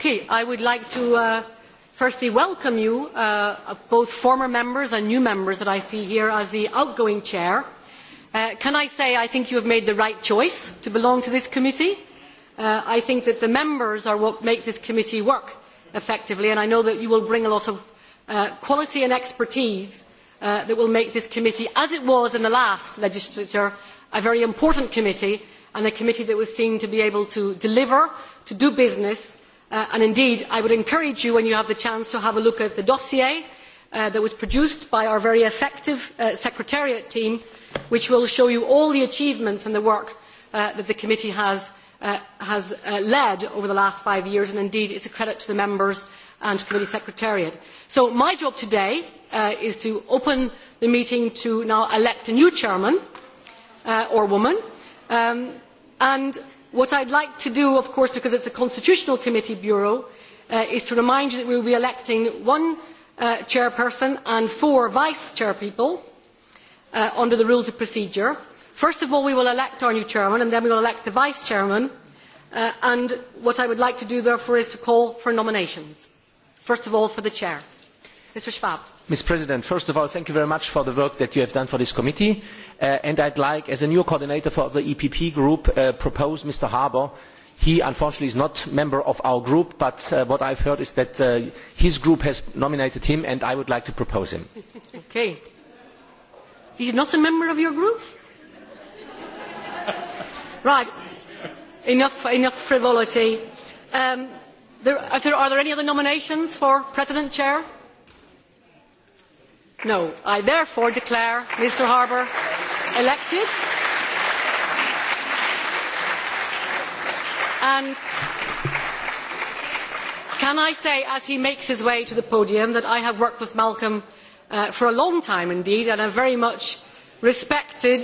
Okay, I would like to uh, firstly welcome you, uh, both former members and new members that I see here as the outgoing chair. Uh, can I say I think you have made the right choice to belong to this committee? Uh, I think that the members are what make this committee work effectively, and I know that you will bring a lot of uh, quality and expertise uh, that will make this committee, as it was in the last legislature, a very important committee and a committee that was seen to be able to deliver, to do business, Uh, and indeed, I would encourage you, when you have the chance, to have a look at the dossier uh, that was produced by our very effective uh, secretariat team, which will show you all the achievements and the work uh, that the committee has, uh, has uh, led over the last five years. And indeed, it is a credit to the members and committee secretariat. So my job today is to open the meeting to now elect a new chairman or woman. Um, and What I would like to do, of course, because it is a Constitutional Committee Bureau, uh, is to remind you that we will be electing one uh, chairperson and four vice chairpeople uh, under the rules of procedure. First of all, we will elect our new chairman, and then we will elect the vice chairman. Uh, and what I would like to do, therefore, is to call for nominations. First of all, for the chair. Mr. Schwab. Mr. President, first of all, thank you very much for the work that you have done for this committee. Uh, and I would like, as a new coordinator for the EPP group, to uh, propose Mr. Harbour. He, unfortunately, is not a member of our group, but uh, what I have heard is that his group has nominated him, and I would like to propose him. He is not a member of your group? right. Enough, enough frivolity. Um, there, are, there, are there any other nominations for President Chair? No. I therefore declare Mr. Harbour elected. And can I say, as he makes his way to the podium, that I have worked with Malcolm uh, for a long time indeed, and I have very much respected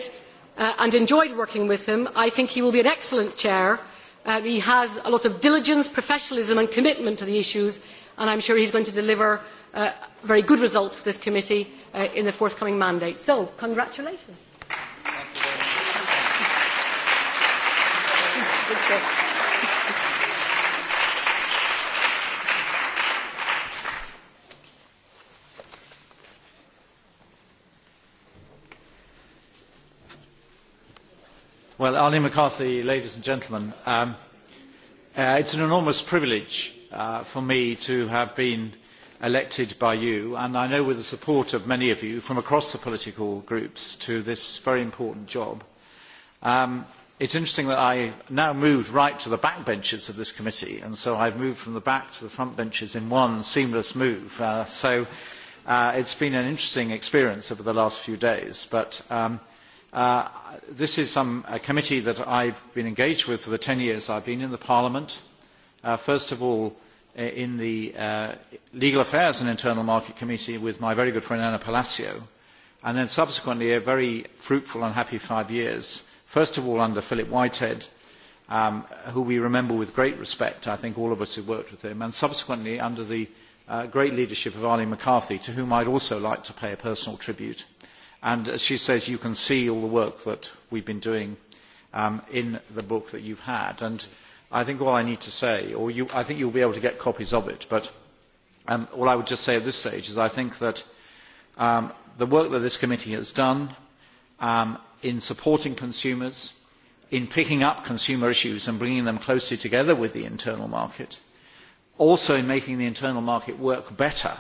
uh, and enjoyed working with him. I think he will be an excellent chair. Uh, he has a lot of diligence, professionalism, and commitment to the issues, and I am sure he is going to deliver uh, very good results for this committee uh, in the forthcoming mandate. So, congratulations. Well, Arlene McCarthy, ladies and gentlemen, um, uh, it's an enormous privilege uh, for me to have been elected by you, and I know with the support of many of you from across the political groups, to this very important job. Um, It is interesting that I now moved right to the back benches of this committee, and so I have moved from the back to the front benches in one seamless move. Uh, so uh, it has been an interesting experience over the last few days. But um, uh, this is some a committee that I have been engaged with for the ten years I have been in the Parliament. Uh, first of all, Eh, in the uh, Legal Affairs and Internal Market Committee with my very good friend Anna Palacio, and then subsequently a very fruitful and happy five years, first of all under Philip Whitehead, um, who we remember with great respect, I think all of us who worked with him, and subsequently under the uh, great leadership of Arlene McCarthy, to whom I would also like to pay a personal tribute. And as uh, she says, you can see all the work that we have been doing um, in the book that you have had. And I think all I need to say, or you, I think you will be able to get copies of it, but um, all I would just say at this stage is I think that um, the work that this committee has done um, in supporting consumers, in picking up consumer issues and bringing them closely together with the internal market, also in making the internal market work better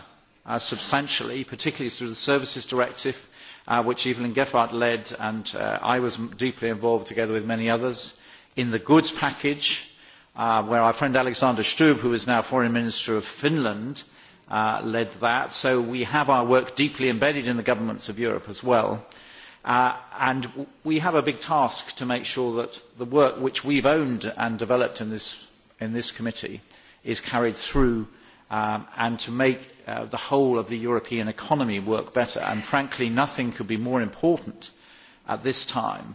uh, substantially, particularly through the Services Directive, uh, which Evelyn Geffart led and uh, I was deeply involved together with many others, in the goods package, Uh, where our friend Alexander Stubb, who is now Foreign Minister of Finland, uh, led that. So we have our work deeply embedded in the governments of Europe as well. Uh, and we have a big task to make sure that the work which we have owned and developed in this, in this, committee is carried through um, and to make uh, the whole of the European economy work better. And frankly, nothing could be more important at this time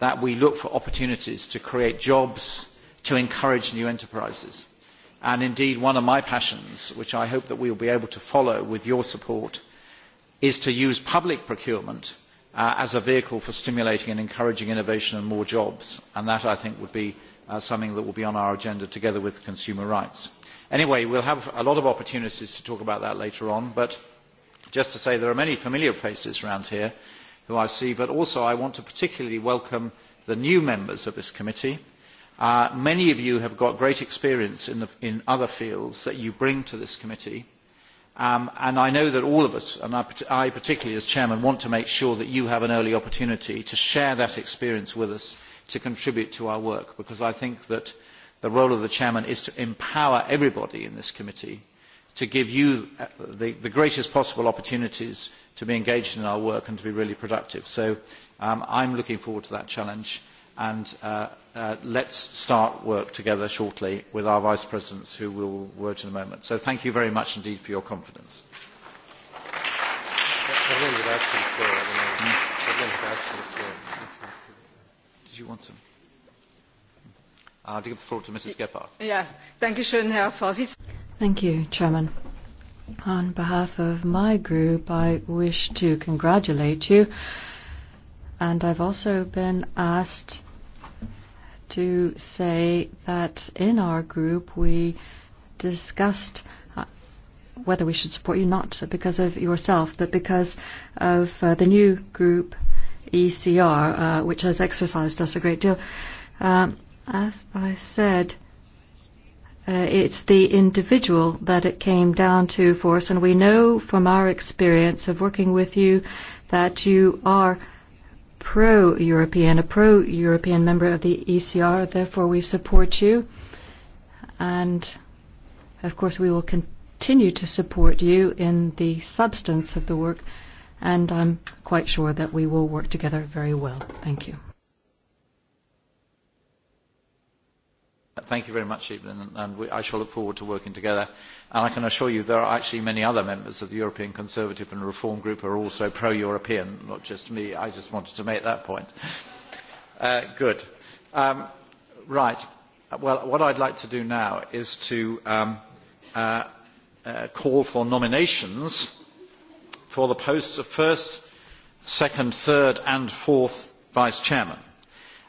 that we look for opportunities to create jobs, to encourage new enterprises. And indeed, one of my passions, which I hope that we will be able to follow with your support, is to use public procurement uh, as a vehicle for stimulating and encouraging innovation and more jobs. And that, I think, would be uh, something that will be on our agenda together with consumer rights. Anyway, we will have a lot of opportunities to talk about that later on, but just to say there are many familiar faces around here who I see, but also I want to particularly welcome the new members of this committee. Uh, many of you have got great experience in, the, in other fields that you bring to this committee. Um, and I know that all of us, and I, I particularly as chairman, want to make sure that you have an early opportunity to share that experience with us to contribute to our work, because I think that the role of the chairman is to empower everybody in this committee to give you uh, the, the greatest possible opportunities to be engaged in our work and to be really productive. So um, I'm looking forward to that challenge and uh, uh, let's start work together shortly with our vice presidents who will word in a moment. So thank you very much indeed for your confidence. Did you want to? Uh, I'll give the floor to Mrs. Gephardt. Yeah, thank you, Herr Thank you, Chairman. On behalf of my group, I wish to congratulate you. And I've also been asked to say that in our group we discussed uh, whether we should support you not because of yourself, but because of uh, the new group ECR, uh, which has exercised us a great deal. Um, as I said, uh, it's the individual that it came down to for us, and we know from our experience of working with you that you are pro-European, a pro-European member of the ECR. Therefore, we support you. And, of course, we will continue to support you in the substance of the work. And I'm quite sure that we will work together very well. Thank you. thank you very much, Evelyn, and we, I shall look forward to working together. And I can assure you there are actually many other members of the European Conservative and Reform Group who are also pro-European, not just me. I just wanted to make that point. Uh, good. Um, right. Well, what I'd like to do now is to um, uh, uh, call for nominations for the posts of first, second, third and fourth vice chairman.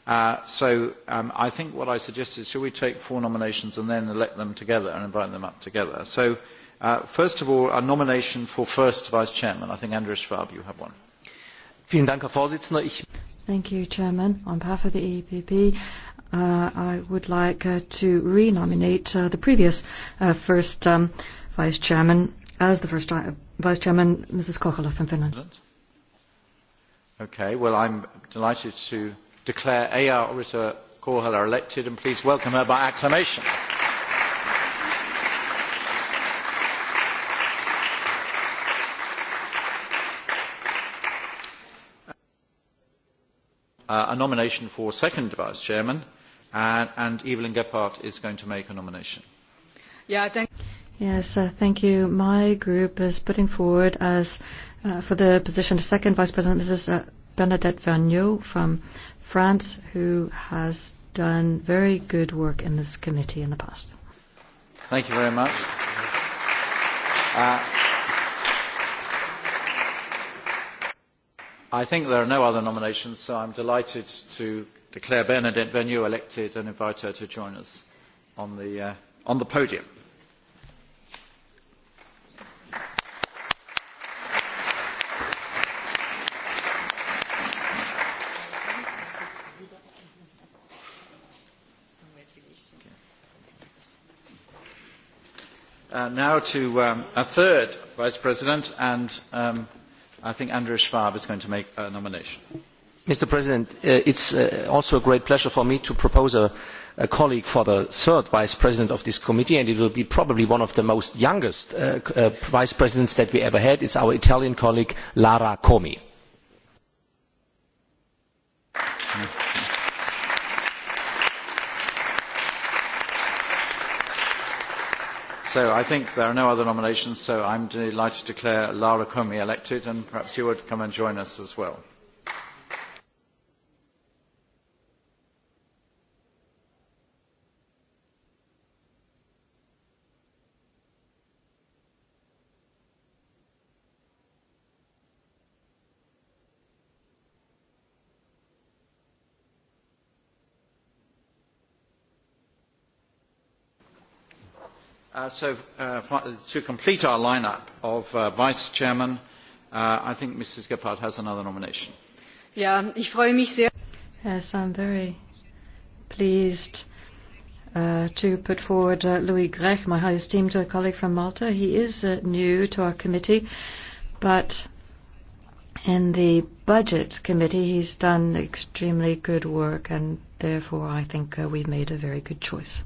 Uh, so um, I think what I suggest is should we take four nominations and then elect them together and invite them up together. So uh, first of all, a nomination for first vice chairman. I think Andreas Schwab, you have one. Thank you, Chairman. On behalf of the EPP, uh, I would like uh, to re-nominate uh, the previous uh, first um, Vice Chairman as the first uh, Vice Chairman, Mrs. Kochela from Finland. Okay, well, I'm delighted to declare Aya Rita Korhela elected and please welcome her by acclamation. Uh, a nomination for second vice chairman and, and Evelyn Gephardt is going to make a nomination. Yeah, thank Yes, uh, thank you. My group is putting forward as uh, for the position of second vice president, Mrs. Uh, Bernadette Vergniaud from France, who has done very good work in this committee in the past. Thank you very much. Uh, I think there are no other nominations, so I'm delighted to declare Bernadette Vergniaud elected and invite her to join us on the, uh, on the podium. Uh, now to um, a third Vice President, and um, I think Andreas Schwab is going to make a nomination. Mr. President, uh, it's uh, also a great pleasure for me to propose a, a colleague for the third Vice President of this committee, and it will be probably one of the most youngest uh, uh, Vice Presidents that we ever had. It's our Italian colleague, Lara Comi. So I think there are no other nominations, so I'm delighted to declare Lara Comey elected, and perhaps you would come and join us as well. Uh, so uh, to complete our lineup of uh, vice chairman, uh, I think Mrs. Gephardt has another nomination. ja ich freue mich sehr. Yes, I'm very pleased uh, to put forward uh, Louis Grech, my high esteemed uh, colleague from Malta. He is uh, new to our committee, but in the budget committee, he's done extremely good work, and therefore I think uh, we've made a very good choice.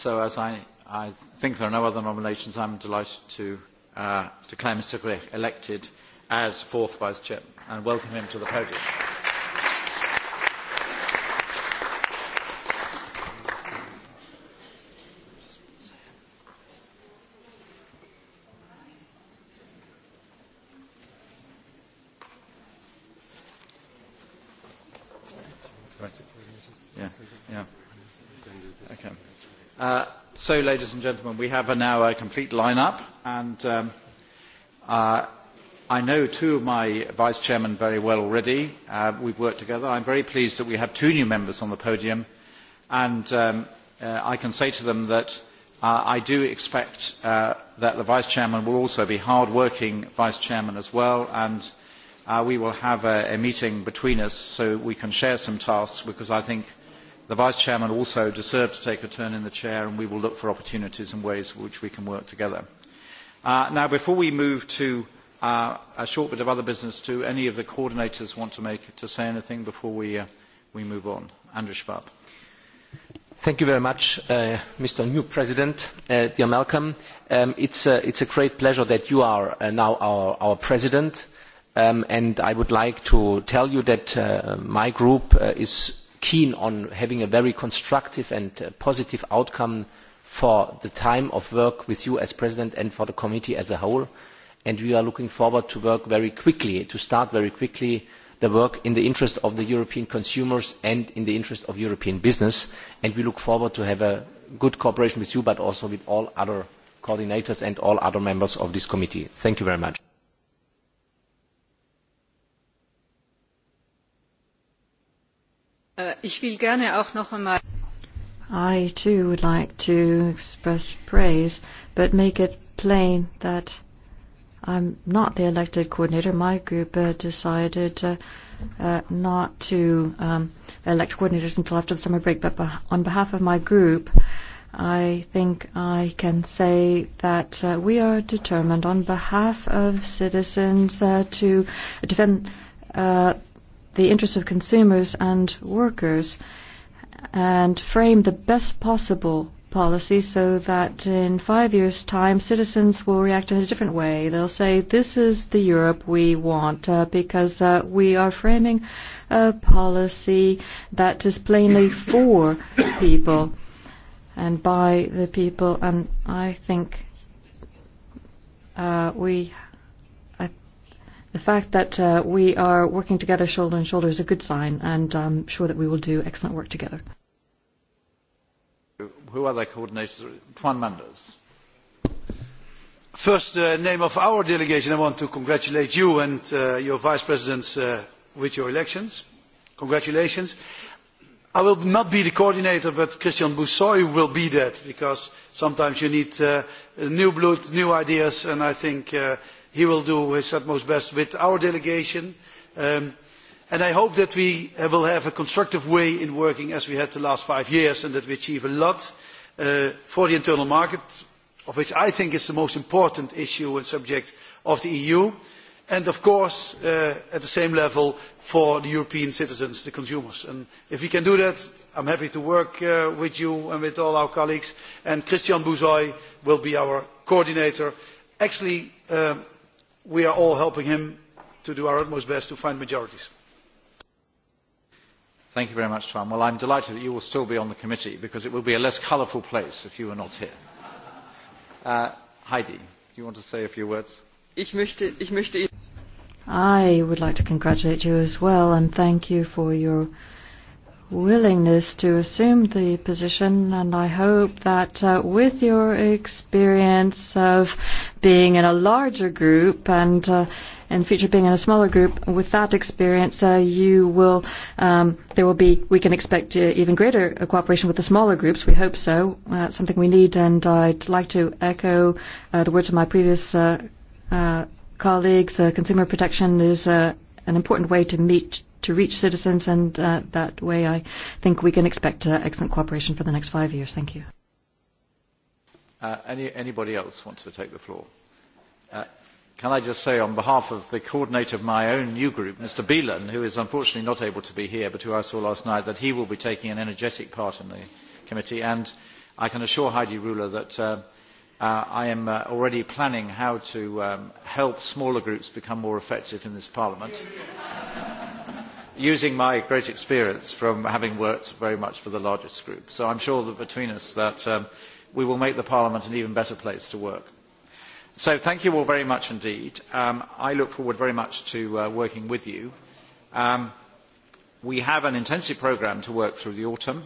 So as I, I think there are no other nominations, I'm delighted to uh, declare Mr. Grech elected as fourth Vice Chair and welcome him to the podium. So, ladies and gentlemen, we have now a complete lineup, and um, uh, I know two of my vice chairmen very well already. Uh, we've worked together. I'm very pleased that we have two new members on the podium, and um, uh, I can say to them that uh, I do expect uh, that the vice chairman will also be hard-working vice chairman as well, and uh, we will have a, a meeting between us so we can share some tasks because I think – The Vice Chairman also deserved to take a turn in the chair and we will look for opportunities and ways in which we can work together. Uh, now, before we move to uh, a short bit of other business, do any of the coordinators want to, make, to say anything before we, uh, we move on? Andrew Schwab. Thank you very much, uh, Mr. New President, uh, dear Malcolm. Um, it's, a, it's a great pleasure that you are uh, now our, our President. Um, and I would like to tell you that uh, my group uh, is keen on having a very constructive and uh, positive outcome for the time of work with you as President and for the committee as a whole. And we are looking forward to work very quickly, to start very quickly the work in the interest of the European consumers and in the interest of European business. And we look forward to have a good cooperation with you, but also with all other coordinators and all other members of this committee. Thank you very much. Uh, I too would like to express praise, but make it plain that I'm not the elected coordinator. My group uh, decided uh, uh, not to um, elect coordinators until after the summer break, but on behalf of my group, I think I can say that uh, we are determined on behalf of citizens uh, to defend uh, the interests of consumers and workers and frame the best possible policy so that in five years' time citizens will react in a different way. They'll say, this is the Europe we want uh, because uh, we are framing a policy that is plainly for people and by the people. And I think uh, we the fact that uh, we are working together shoulder and shoulder is a good sign, and I'm sure that we will do excellent work together. Who are the coordinators? Juan Mendes. First, uh, in name of our delegation, I want to congratulate you and uh, your vice presidents uh, with your elections. Congratulations. I will not be the coordinator, but Christian Boussoy will be that, because sometimes you need uh, new blood, new ideas, and I think uh, he will do his utmost best with our delegation. Um, and I hope that we uh, will have a constructive way in working as we had the last five years and that we achieve a lot uh, for the internal market, of which I think is the most important issue and subject of the EU, and of course uh, at the same level for the European citizens, the consumers. And if we can do that, I am happy to work uh, with you and with all our colleagues, and Christian Bouzoy will be our coordinator. Actually, um, we are all helping him to do our utmost best to find majorities. Thank you very much, Tom. Well, I'm delighted that you will still be on the committee because it will be a less colourful place if you are not here. Uh, Heidi, do you want to say a few words? Ich möchte, ich möchte I would like to congratulate you as well and thank you for your willingness to assume the position, and I hope that uh, with your experience of being in a larger group and uh, in future being in a smaller group, with that experience, uh, you will um, there will be we can expect uh, even greater cooperation with the smaller groups. We hope so. Uh, something we need, and I'd like to echo uh, the words of my previous uh, uh, colleagues. Uh, consumer protection is uh, an important way to meet to reach citizens, and uh, that way I think we can expect uh, excellent cooperation for the next five years. Thank you. Uh, any, anybody else want to take the floor? Uh, can I just say on behalf of the coordinator of my own new group, Mr. Beelan, who is unfortunately not able to be here, but who I saw last night, that he will be taking an energetic part in the committee. And I can assure Heidi Ruler that uh, uh, I am uh, already planning how to um, help smaller groups become more effective in this parliament. Uh, using my great experience from having worked very much for the largest group. So I am sure that between us that um, we will make the Parliament an even better place to work. So thank you all very much indeed. Um, I look forward very much to uh, working with you. Um, we have an intensive programme to work through the autumn.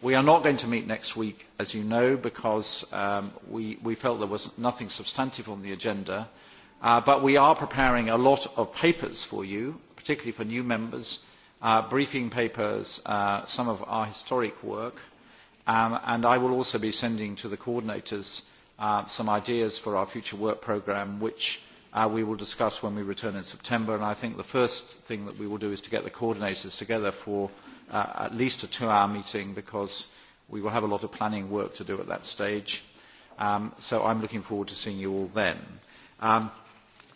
We are not going to meet next week, as you know, because um, we, we felt there was nothing substantive on the agenda. Uh, but we are preparing a lot of papers for you, particularly for new members, our uh, briefing papers, uh, some of our historic work, um, and I will also be sending to the coordinators uh, some ideas for our future work programme, which uh, we will discuss when we return in September. And I think the first thing that we will do is to get the coordinators together for uh, at least a two-hour meeting, because we will have a lot of planning work to do at that stage. Um, so I'm looking forward to seeing you all then. Um,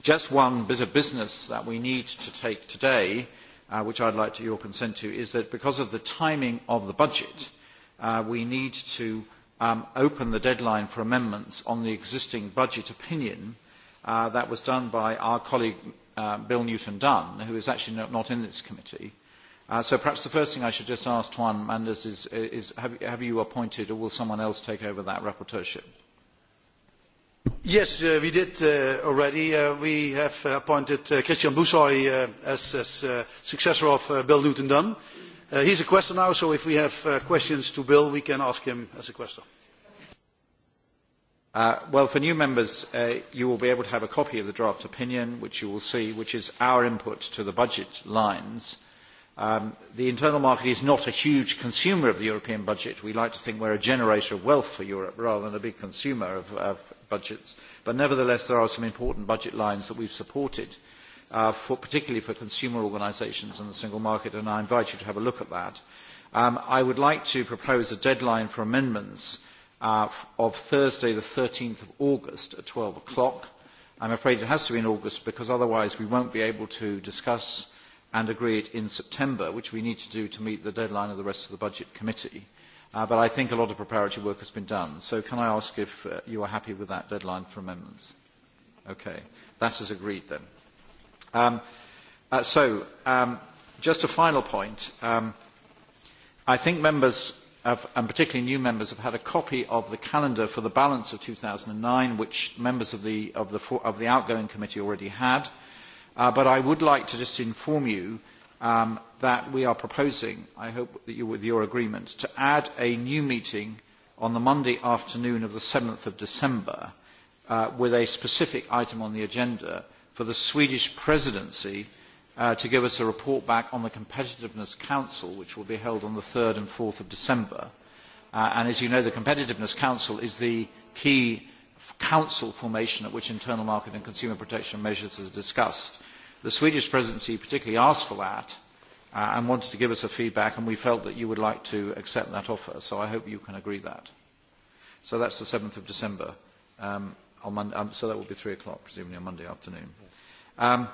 just one bit of business that we need to take today uh, which I'd like to your consent to, is that because of the timing of the budget, uh, we need to um, open the deadline for amendments on the existing budget opinion uh, that was done by our colleague uh, Bill Newton Dunn, who is actually not, not in this committee. Uh, so perhaps the first thing I should just ask Tuan Manders is, is have, have you appointed or will someone else take over that rapporteurship? Yes, uh, we did uh, already. Uh, we have appointed uh, Christian Boussoy uh, as, as uh, successor of uh, Bill Newton Dunn. Uh, he's a question now, so if we have uh, questions to Bill, we can ask him as a question. Uh, well, for new members, uh, you will be able to have a copy of the draft opinion, which you will see, which is our input to the budget lines. Um, the internal market is not a huge consumer of the European budget. We like to think we're a generator of wealth for Europe rather than a big consumer of, of budgets. But nevertheless, there are some important budget lines that we have supported, uh, for, particularly for consumer organisations and the single market, and I invite you to have a look at that. Um, I would like to propose a deadline for amendments uh, of Thursday, the 13th of August at twelve o'clock. I am afraid it has to be in August because otherwise we will not be able to discuss and agree it in September, which we need to do to meet the deadline of the rest of the Budget Committee. Uh, but I think a lot of preparatory work has been done. So can I ask if uh, you are happy with that deadline for amendments? Okay. That is agreed then. Um, uh, so um, just a final point. Um, I think members, have, and particularly new members, have had a copy of the calendar for the balance of 2009, which members of the, of the, of the outgoing committee already had. Uh, but I would like to just inform you um, that we are proposing, I hope that you, with your agreement, to add a new meeting on the Monday afternoon of the 7th of December uh, with a specific item on the agenda for the Swedish presidency uh, to give us a report back on the Competitiveness Council, which will be held on the 3rd and 4th of December. Uh, and as you know, the Competitiveness Council is the key council formation at which internal market and consumer protection measures are discussed. The Swedish presidency particularly asked for that uh, and wanted to give us a feedback, and we felt that you would like to accept that offer, so I hope you can agree that. So that's the 7th of December, um, on Monday, um, so that will be 3 o'clock, presumably on Monday afternoon. Um,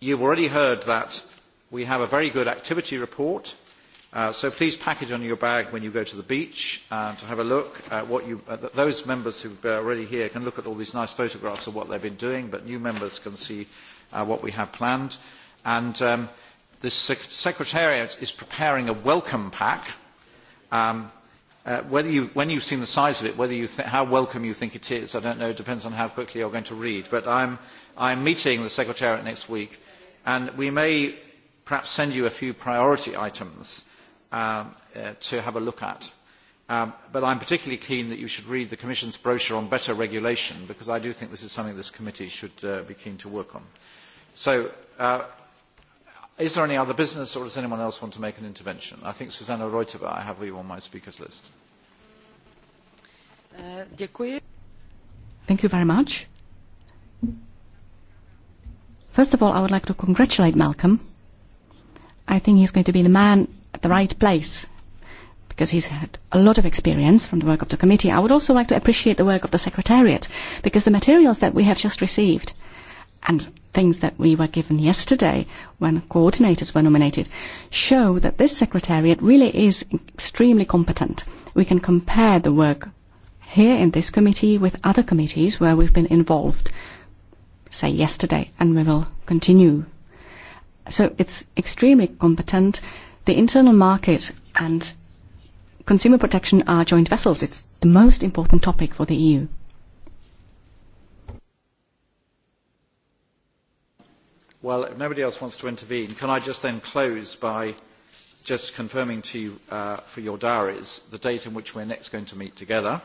you've already heard that we have a very good activity report, uh, so please package on your bag when you go to the beach uh, to have a look at what you, uh, those members who are already here can look at all these nice photographs of what they've been doing, but new members can see uh, what we have planned. And um, the sec Secretariat is preparing a welcome pack. Um, uh, whether you, when you've seen the size of it, whether you th how welcome you think it is, I don't know, it depends on how quickly you're going to read. But I'm, I'm meeting the Secretariat next week, and we may perhaps send you a few priority items um, uh, to have a look at. Um, but I'm particularly keen that you should read the Commission's brochure on better regulation, because I do think this is something this committee should uh, be keen to work on. So, uh, is there any other business or does anyone else want to make an intervention? I think Susanna Reutova, I have you on my speakers list. Uh, Thank you very much. First of all, I would like to congratulate Malcolm. I think he's going to be the man at the right place because he's had a lot of experience from the work of the committee. I would also like to appreciate the work of the Secretariat because the materials that we have just received – and things that we were given yesterday when coordinators were nominated show that this secretariat really is extremely competent. We can compare the work here in this committee with other committees where we've been involved, say yesterday, and we will continue. So it's extremely competent. The internal market and consumer protection are joint vessels. It's the most important topic for the EU. Well, if nobody else wants to intervene, can I just then close by just confirming to you uh, for your diaries the date in which we're next going to meet together.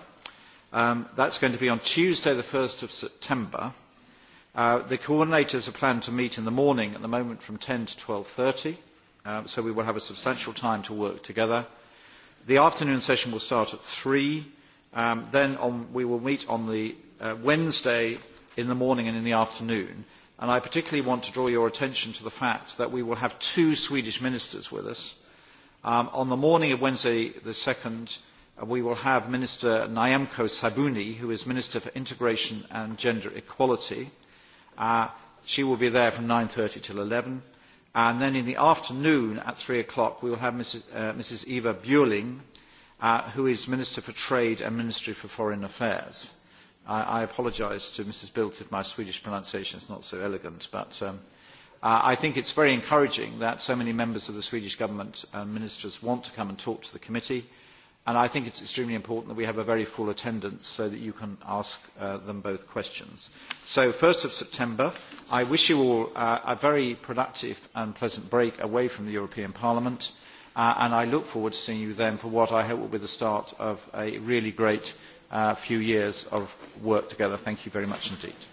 Um, that's going to be on Tuesday the 1st of September. Uh, the coordinators are planned to meet in the morning at the moment from 10 to 12.30, uh, so we will have a substantial time to work together. The afternoon session will start at 3. Um, then on, we will meet on the uh, Wednesday in the morning and in the afternoon And I particularly want to draw your attention to the fact that we will have two Swedish ministers with us. Um, on the morning of Wednesday the 2nd, uh, we will have Minister Nyamko Sabuni, who is Minister for Integration and Gender Equality. Uh, she will be there from 9.30 till 11. And then in the afternoon at 3 o'clock, we will have Mrs, uh, Mrs. Eva Bueling, uh, who is Minister for Trade and Ministry for Foreign Affairs. I, I apologise to Mrs. Bilt if my Swedish pronunciation is not so elegant, but um, uh, I think it's very encouraging that so many members of the Swedish government and ministers want to come and talk to the committee, and I think it's extremely important that we have a very full attendance so that you can ask uh, them both questions. So 1st of September, I wish you all uh, a very productive and pleasant break away from the European Parliament, uh, and I look forward to seeing you then for what I hope will be the start of a really great few years of work together. Thank you very much indeed.